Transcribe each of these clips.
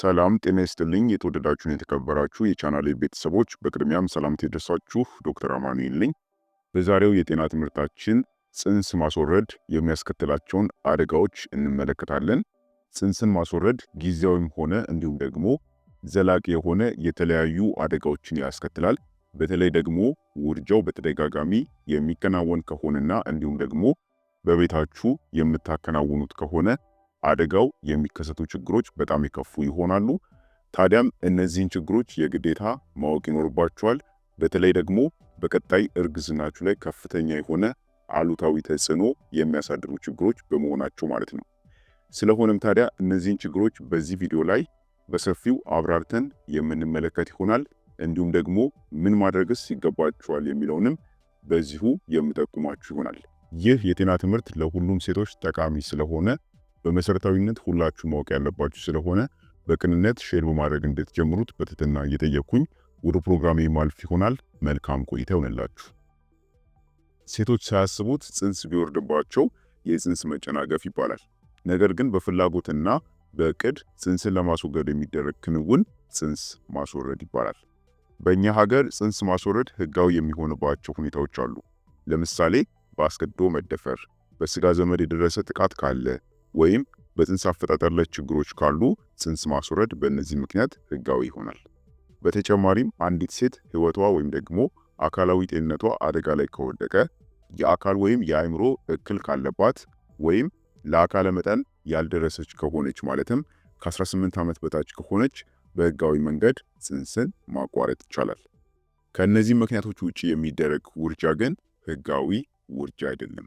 ሰላም ጤና ይስጥልኝ። የተወደዳችሁን የተከበራችሁ የቻናሌ ቤተሰቦች በቅድሚያም ሰላምታ ይድረሳችሁ። ዶክተር አማኑኤል ነኝ። በዛሬው የጤና ትምህርታችን ጽንስ ማስወረድ የሚያስከትላቸውን አደጋዎች እንመለከታለን። ጽንስን ማስወረድ ጊዜያዊም ሆነ እንዲሁም ደግሞ ዘላቂ የሆነ የተለያዩ አደጋዎችን ያስከትላል። በተለይ ደግሞ ውርጃው በተደጋጋሚ የሚከናወን ከሆነና እንዲሁም ደግሞ በቤታችሁ የምታከናውኑት ከሆነ አደጋው የሚከሰቱ ችግሮች በጣም የከፉ ይሆናሉ። ታዲያም እነዚህን ችግሮች የግዴታ ማወቅ ይኖርባቸዋል በተለይ ደግሞ በቀጣይ እርግዝናችሁ ላይ ከፍተኛ የሆነ አሉታዊ ተጽዕኖ የሚያሳድሩ ችግሮች በመሆናቸው ማለት ነው። ስለሆነም ታዲያ እነዚህን ችግሮች በዚህ ቪዲዮ ላይ በሰፊው አብራርተን የምንመለከት ይሆናል። እንዲሁም ደግሞ ምን ማድረግስ ይገባቸዋል የሚለውንም በዚሁ የምጠቁማችሁ ይሆናል። ይህ የጤና ትምህርት ለሁሉም ሴቶች ጠቃሚ ስለሆነ በመሰረታዊነት ሁላችሁ ማወቅ ያለባችሁ ስለሆነ በቅንነት ሼር በማድረግ እንድትጀምሩት በትህትና እየጠየቅኩኝ ወደ ፕሮግራሜ የማልፍ ይሆናል። መልካም ቆይታ ይሆንላችሁ። ሴቶች ሳያስቡት ጽንስ ቢወርድባቸው የጽንስ መጨናገፍ ይባላል። ነገር ግን በፍላጎትና በእቅድ ጽንስን ለማስወገድ የሚደረግ ክንውን ጽንስ ማስወረድ ይባላል። በእኛ ሀገር ጽንስ ማስወረድ ህጋዊ የሚሆንባቸው ሁኔታዎች አሉ። ለምሳሌ በአስገድዶ መደፈር፣ በስጋ ዘመድ የደረሰ ጥቃት ካለ ወይም በጽንስ አፈጣጠር ላይ ችግሮች ካሉ ጽንስ ማስወረድ በእነዚህ ምክንያት ህጋዊ ይሆናል። በተጨማሪም አንዲት ሴት ህይወቷ ወይም ደግሞ አካላዊ ጤንነቷ አደጋ ላይ ከወደቀ የአካል ወይም የአእምሮ እክል ካለባት ወይም ለአካለ መጠን ያልደረሰች ከሆነች ማለትም ከ18 ዓመት በታች ከሆነች በህጋዊ መንገድ ጽንስን ማቋረጥ ይቻላል። ከእነዚህ ምክንያቶች ውጭ የሚደረግ ውርጃ ግን ህጋዊ ውርጃ አይደለም።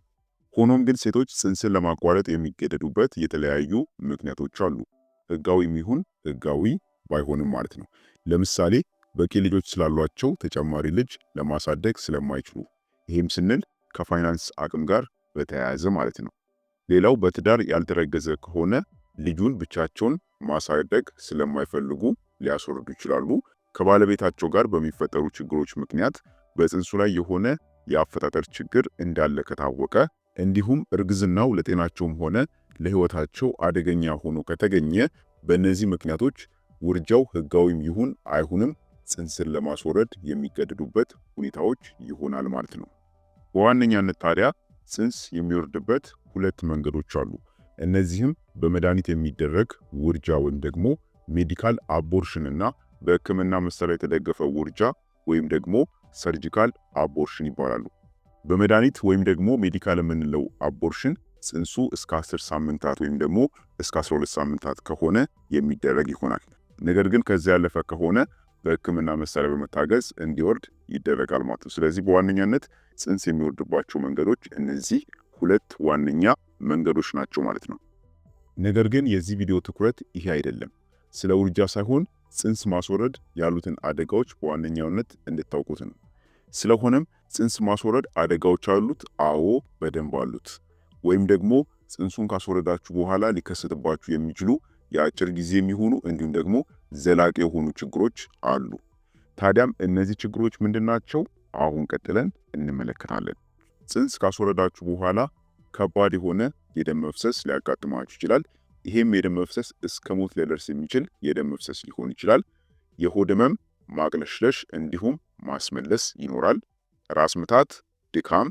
ሆኖም ግን ሴቶች ጽንስን ለማቋረጥ የሚገደዱበት የተለያዩ ምክንያቶች አሉ። ህጋዊ የሚሆን ህጋዊ ባይሆንም ማለት ነው። ለምሳሌ በቂ ልጆች ስላሏቸው ተጨማሪ ልጅ ለማሳደግ ስለማይችሉ፣ ይህም ስንል ከፋይናንስ አቅም ጋር በተያያዘ ማለት ነው። ሌላው በትዳር ያልተረገዘ ከሆነ ልጁን ብቻቸውን ማሳደግ ስለማይፈልጉ ሊያስወርዱ ይችላሉ። ከባለቤታቸው ጋር በሚፈጠሩ ችግሮች ምክንያት በጽንሱ ላይ የሆነ የአፈጣጠር ችግር እንዳለ ከታወቀ እንዲሁም እርግዝናው ለጤናቸውም ሆነ ለህይወታቸው አደገኛ ሆኖ ከተገኘ በእነዚህ ምክንያቶች ውርጃው ህጋዊም ይሁን አይሁንም ጽንስን ለማስወረድ የሚገደዱበት ሁኔታዎች ይሆናል ማለት ነው። በዋነኛነት ታዲያ ጽንስ የሚወርድበት ሁለት መንገዶች አሉ። እነዚህም በመድኃኒት የሚደረግ ውርጃ ወይም ደግሞ ሜዲካል አቦርሽን እና በህክምና መሳሪያ የተደገፈ ውርጃ ወይም ደግሞ ሰርጂካል አቦርሽን ይባላሉ። በመድኃኒት ወይም ደግሞ ሜዲካል የምንለው አቦርሽን ጽንሱ እስከ 10 ሳምንታት ወይም ደግሞ እስከ 12 ሳምንታት ከሆነ የሚደረግ ይሆናል። ነገር ግን ከዚያ ያለፈ ከሆነ በህክምና መሳሪያ በመታገዝ እንዲወርድ ይደረጋል ማለት ነው። ስለዚህ በዋነኛነት ጽንስ የሚወርድባቸው መንገዶች እነዚህ ሁለት ዋነኛ መንገዶች ናቸው ማለት ነው። ነገር ግን የዚህ ቪዲዮ ትኩረት ይሄ አይደለም። ስለ ውርጃ ሳይሆን ጽንስ ማስወረድ ያሉትን አደጋዎች በዋነኛነት እንድታውቁት ነው። ስለሆነም ጽንስ ማስወረድ አደጋዎች አሉት? አዎ በደንብ አሉት። ወይም ደግሞ ጽንሱን ካስወረዳችሁ በኋላ ሊከሰትባችሁ የሚችሉ የአጭር ጊዜ የሚሆኑ እንዲሁም ደግሞ ዘላቂ የሆኑ ችግሮች አሉ። ታዲያም እነዚህ ችግሮች ምንድን ናቸው? አሁን ቀጥለን እንመለከታለን። ጽንስ ካስወረዳችሁ በኋላ ከባድ የሆነ የደም መፍሰስ ሊያጋጥማችሁ ይችላል። ይሄም የደም መፍሰስ እስከ ሞት ሊደርስ የሚችል የደም መፍሰስ ሊሆን ይችላል። የሆድ ህመም ማቅለሽለሽ እንዲሁም ማስመለስ ይኖራል። ራስ ምታት፣ ድካም፣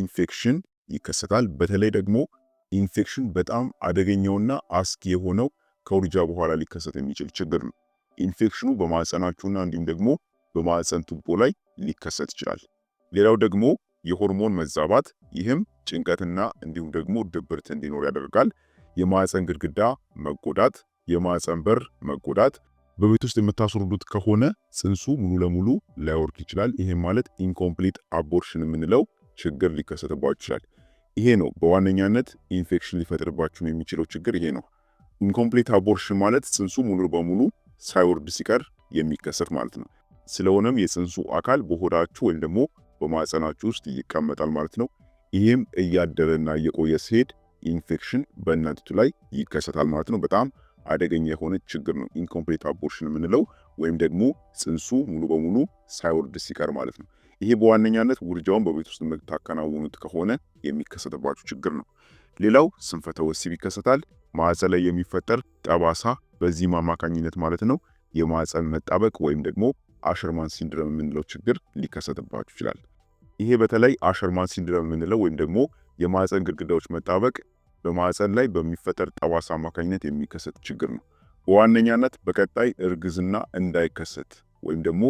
ኢንፌክሽን ይከሰታል። በተለይ ደግሞ ኢንፌክሽን በጣም አደገኛውና አስጊ የሆነው ከውርጃ በኋላ ሊከሰት የሚችል ችግር ነው። ኢንፌክሽኑ በማህፀናችሁና እንዲሁም ደግሞ በማህፀን ቱቦ ላይ ሊከሰት ይችላል። ሌላው ደግሞ የሆርሞን መዛባት፣ ይህም ጭንቀትና እንዲሁም ደግሞ ድብርት እንዲኖር ያደርጋል። የማህፀን ግድግዳ መጎዳት፣ የማህፀን በር መጎዳት በቤት ውስጥ የምታስወርዱት ከሆነ ጽንሱ ሙሉ ለሙሉ ላይወርድ ይችላል። ይሄ ማለት ኢንኮምፕሊት አቦርሽን የምንለው ችግር ሊከሰትባችሁ ይችላል። ይሄ ነው በዋነኛነት ኢንፌክሽን ሊፈጥርባችሁ የሚችለው ችግር ይሄ ነው። ኢንኮምፕሊት አቦርሽን ማለት ጽንሱ ሙሉ በሙሉ ሳይወርድ ሲቀር የሚከሰት ማለት ነው። ስለሆነም የጽንሱ አካል በሆዳችሁ ወይም ደግሞ በማህፀናችሁ ውስጥ ይቀመጣል ማለት ነው። ይህም እያደረና እየቆየ ሲሄድ ኢንፌክሽን በእናቲቱ ላይ ይከሰታል ማለት ነው። በጣም አደገኛ የሆነ ችግር ነው ኢንኮምፕሌት አቦርሽን የምንለው ወይም ደግሞ ጽንሱ ሙሉ በሙሉ ሳይወርድ ሲቀር ማለት ነው። ይሄ በዋነኛነት ውርጃውን በቤት ውስጥ የምታከናውኑት ከሆነ የሚከሰትባችሁ ችግር ነው። ሌላው ስንፈተ ወሲብ ይከሰታል። ማዕፀን ላይ የሚፈጠር ጠባሳ፣ በዚህም አማካኝነት ማለት ነው የማዕፀን መጣበቅ ወይም ደግሞ አሸርማን ሲንድረም የምንለው ችግር ሊከሰትባችሁ ይችላል። ይሄ በተለይ አሸርማን ሲንድረም የምንለው ወይም ደግሞ የማዕፀን ግድግዳዎች መጣበቅ በማህፀን ላይ በሚፈጠር ጠባሳ አማካኝነት የሚከሰት ችግር ነው። በዋነኛነት በቀጣይ እርግዝና እንዳይከሰት ወይም ደግሞ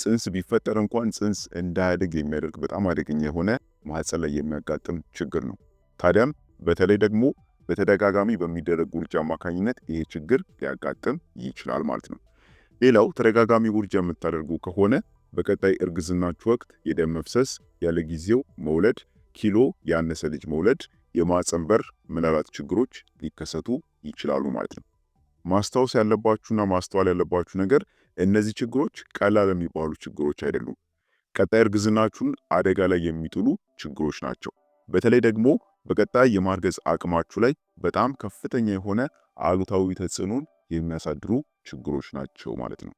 ጽንስ ቢፈጠር እንኳን ጽንስ እንዳያድግ የሚያደርግ በጣም አደገኛ የሆነ ማህፀን ላይ የሚያጋጥም ችግር ነው። ታዲያም በተለይ ደግሞ በተደጋጋሚ በሚደረግ ውርጃ አማካኝነት ይሄ ችግር ሊያጋጥም ይችላል ማለት ነው። ሌላው ተደጋጋሚ ውርጃ የምታደርጉ ከሆነ በቀጣይ እርግዝናችሁ ወቅት የደም መፍሰስ፣ ያለ ጊዜው መውለድ፣ ኪሎ ያነሰ ልጅ መውለድ፣ የማህፀን በር ችግሮች ሊከሰቱ ይችላሉ ማለት ነው። ማስታወስ ያለባችሁና ማስተዋል ያለባችሁ ነገር እነዚህ ችግሮች ቀላል የሚባሉ ችግሮች አይደሉም። ቀጣይ እርግዝናችሁን አደጋ ላይ የሚጥሉ ችግሮች ናቸው። በተለይ ደግሞ በቀጣይ የማርገዝ አቅማችሁ ላይ በጣም ከፍተኛ የሆነ አሉታዊ ተጽዕኖን የሚያሳድሩ ችግሮች ናቸው ማለት ነው።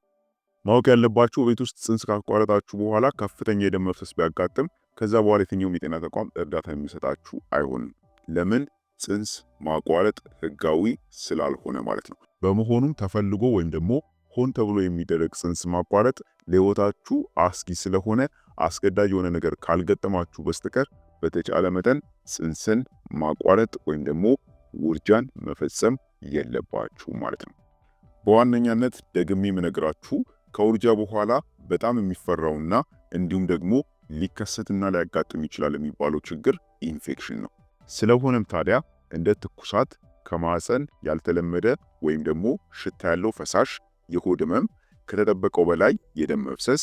ማወቅ ያለባችሁ ቤት ውስጥ ጽንስ ካቋረጣችሁ በኋላ ከፍተኛ የደም መፍሰስ ቢያጋጥም ከዛ በኋላ የትኛውም የጤና ተቋም እርዳታ የሚሰጣችሁ አይሆንም። ለምን ጽንስ ማቋረጥ ህጋዊ ስላልሆነ ማለት ነው። በመሆኑም ተፈልጎ ወይም ደግሞ ሆን ተብሎ የሚደረግ ጽንስ ማቋረጥ ለህይወታችሁ አስጊ ስለሆነ አስገዳጅ የሆነ ነገር ካልገጠማችሁ በስተቀር በተቻለ መጠን ጽንስን ማቋረጥ ወይም ደግሞ ውርጃን መፈጸም የለባችሁ ማለት ነው። በዋነኛነት ደግሜ የምነግራችሁ ከውርጃ በኋላ በጣም የሚፈራውና እንዲሁም ደግሞ ሊከሰትና ሊያጋጥም ይችላል የሚባለው ችግር ኢንፌክሽን ነው። ስለሆነም ታዲያ እንደ ትኩሳት፣ ከማህፀን ያልተለመደ ወይም ደግሞ ሽታ ያለው ፈሳሽ፣ የሆድ ህመም፣ ከተጠበቀው በላይ የደም መፍሰስ፣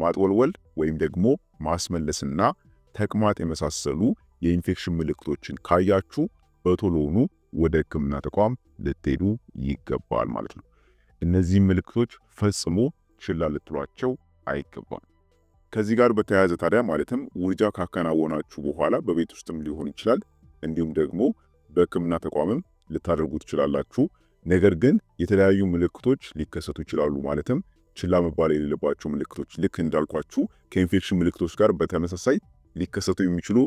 ማጥወልወል ወይም ደግሞ ማስመለስና ተቅማጥ የመሳሰሉ የኢንፌክሽን ምልክቶችን ካያችሁ በቶሎኑ ወደ ህክምና ተቋም ልትሄዱ ይገባል ማለት ነው። እነዚህ ምልክቶች ፈጽሞ ችላ ልትሏቸው አይገባም። ከዚህ ጋር በተያያዘ ታዲያ ማለትም ውርጃ ካከናወናችሁ በኋላ በቤት ውስጥም ሊሆን ይችላል እንዲሁም ደግሞ በህክምና ተቋምም ልታደርጉ ትችላላችሁ። ነገር ግን የተለያዩ ምልክቶች ሊከሰቱ ይችላሉ። ማለትም ችላ መባል የሌለባቸው ምልክቶች ልክ እንዳልኳችሁ ከኢንፌክሽን ምልክቶች ጋር በተመሳሳይ ሊከሰቱ የሚችሉ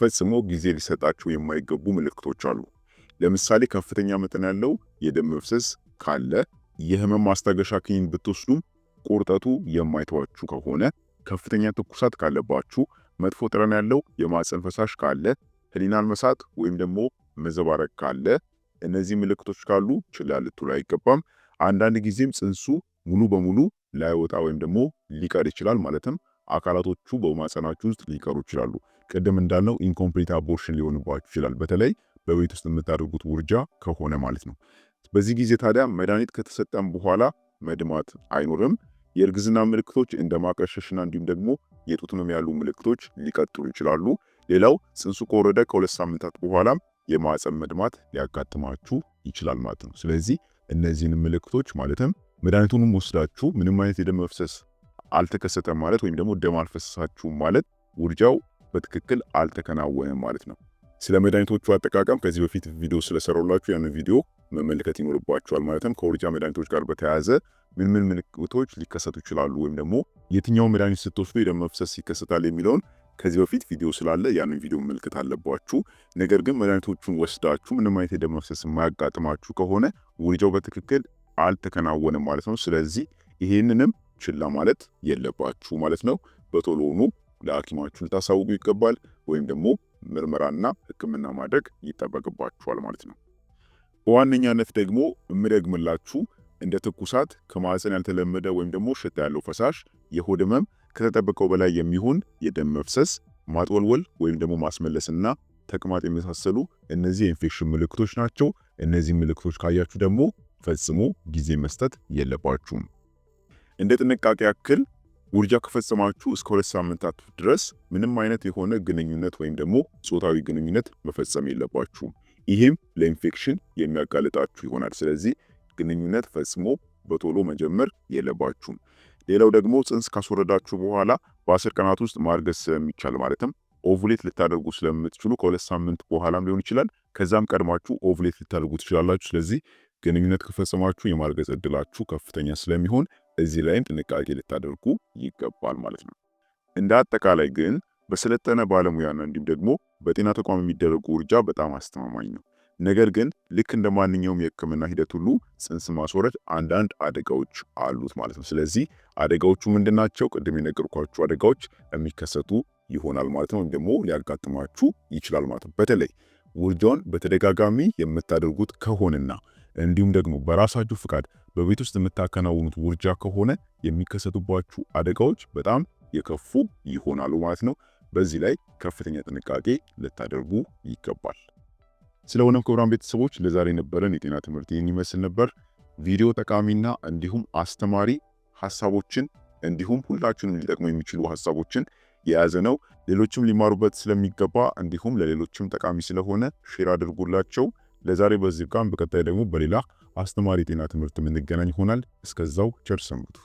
ፈጽሞ ጊዜ ሊሰጣቸው የማይገቡ ምልክቶች አሉ። ለምሳሌ ከፍተኛ መጠን ያለው የደም መፍሰስ ካለ፣ የህመም ማስታገሻ ክኒን ብትወስዱም ቁርጠቱ የማይተዋችሁ ከሆነ፣ ከፍተኛ ትኩሳት ካለባችሁ፣ መጥፎ ጠረን ያለው የማፀን ፈሳሽ ካለ፣ ህሊናን መሳት ወይም ደግሞ መዘባረቅ ካለ እነዚህ ምልክቶች ካሉ ችላ ልትሉ አይገባም። አንዳንድ ጊዜም ጽንሱ ሙሉ በሙሉ ላይወጣ ወይም ደግሞ ሊቀር ይችላል። ማለትም አካላቶቹ በማህፀናችሁ ውስጥ ሊቀሩ ይችላሉ። ቅድም እንዳልነው ኢንኮምፕሊት አቦርሽን ሊሆንባችሁ ይችላል። በተለይ በቤት ውስጥ የምታደርጉት ውርጃ ከሆነ ማለት ነው። በዚህ ጊዜ ታዲያ መድኃኒት ከተሰጠም በኋላ መድማት አይኖርም። የእርግዝና ምልክቶች እንደ ማቀሸሽና እንዲሁም ደግሞ የጡት ህመም ያሉ ምልክቶች ሊቀጥሉ ይችላሉ። ሌላው ጽንሱ ከወረደ ከሁለት ሳምንታት በኋላም የማህፀን መድማት ሊያጋጥማችሁ ይችላል ማለት ነው። ስለዚህ እነዚህን ምልክቶች ማለትም መድኃኒቱንም ወስዳችሁ ምንም አይነት የደም መፍሰስ አልተከሰተም ማለት ወይም ደግሞ ደም አልፈሰሳችሁም ማለት ውርጃው በትክክል አልተከናወነም ማለት ነው። ስለ መድኃኒቶቹ አጠቃቀም ከዚህ በፊት ቪዲዮ ስለሰራሁላችሁ ያን ቪዲዮ መመልከት ይኖርባችኋል። ማለትም ከውርጃ መድኃኒቶች ጋር በተያያዘ ምን ምን ምልክቶች ሊከሰቱ ይችላሉ ወይም ደግሞ የትኛው መድኃኒት ስትወስዱ የደም መፍሰስ ይከሰታል የሚለውን ከዚህ በፊት ቪዲዮ ስላለ ያንን ቪዲዮ መልከት አለባችሁ። ነገር ግን መድኃኒቶቹን ወስዳችሁ ምንም አይነት የደም መፍሰስ የማያጋጥማችሁ ከሆነ ውርጃው በትክክል አልተከናወነም ማለት ነው። ስለዚህ ይህንንም ችላ ማለት የለባችሁ ማለት ነው። በቶሎኑ ለሐኪማችሁ ልታሳውቁ ይገባል፣ ወይም ደግሞ ምርመራና ሕክምና ማድረግ ይጠበቅባችኋል ማለት ነው። በዋነኛነት ደግሞ የምደግምላችሁ እንደ ትኩሳት፣ ከማህፀን ያልተለመደ ወይም ደግሞ ሽታ ያለው ፈሳሽ፣ የሆድ ህመም ከተጠበቀው በላይ የሚሆን የደም መፍሰስ፣ ማጥወልወል ወይም ደግሞ ማስመለስና ተቅማጥ የመሳሰሉ እነዚህ የኢንፌክሽን ምልክቶች ናቸው። እነዚህ ምልክቶች ካያችሁ ደግሞ ፈጽሞ ጊዜ መስጠት የለባችሁም። እንደ ጥንቃቄ ያክል ውርጃ ከፈጸማችሁ እስከ ሁለት ሳምንታት ድረስ ምንም አይነት የሆነ ግንኙነት ወይም ደግሞ ጾታዊ ግንኙነት መፈጸም የለባችሁም። ይህም ለኢንፌክሽን የሚያጋልጣችሁ ይሆናል። ስለዚህ ግንኙነት ፈጽሞ በቶሎ መጀመር የለባችሁም። ሌላው ደግሞ ጽንስ ካስወረዳችሁ በኋላ በአስር ቀናት ውስጥ ማርገዝ ስለሚቻል ማለትም ኦቭሌት ልታደርጉ ስለምትችሉ ከሁለት ሳምንት በኋላም ሊሆን ይችላል። ከዛም ቀድማችሁ ኦቭሌት ልታደርጉ ትችላላችሁ። ስለዚህ ግንኙነት ከፈጸማችሁ የማርገዝ እድላችሁ ከፍተኛ ስለሚሆን እዚህ ላይም ጥንቃቄ ልታደርጉ ይገባል ማለት ነው። እንደ አጠቃላይ ግን በሰለጠነ ባለሙያና እንዲሁም ደግሞ በጤና ተቋም የሚደረጉ ውርጃ በጣም አስተማማኝ ነው። ነገር ግን ልክ እንደ ማንኛውም የህክምና ሂደት ሁሉ ጽንስ ማስወረድ አንዳንድ አደጋዎች አሉት ማለት ነው። ስለዚህ አደጋዎቹ ምንድናቸው? ቅድም የነገርኳችሁ አደጋዎች የሚከሰቱ ይሆናል ማለት ነው፣ ወይም ደግሞ ሊያጋጥማችሁ ይችላል ማለት ነው። በተለይ ውርጃውን በተደጋጋሚ የምታደርጉት ከሆነና እንዲሁም ደግሞ በራሳችሁ ፍቃድ በቤት ውስጥ የምታከናውኑት ውርጃ ከሆነ የሚከሰቱባችሁ አደጋዎች በጣም የከፉ ይሆናሉ ማለት ነው። በዚህ ላይ ከፍተኛ ጥንቃቄ ልታደርጉ ይገባል። ስለሆነም ክቡራን ቤተሰቦች ለዛሬ ነበረን የጤና ትምህርት ይህን ይመስል ነበር። ቪዲዮ ጠቃሚና እንዲሁም አስተማሪ ሀሳቦችን እንዲሁም ሁላችሁንም ሊጠቅሙ የሚችሉ ሀሳቦችን የያዘ ነው። ሌሎችም ሊማሩበት ስለሚገባ እንዲሁም ለሌሎችም ጠቃሚ ስለሆነ ሼር አድርጉላቸው። ለዛሬ በዚህ ቃም፣ በቀጣይ ደግሞ በሌላ አስተማሪ የጤና ትምህርት የምንገናኝ ይሆናል። እስከዛው ቸር ሰንብቱ።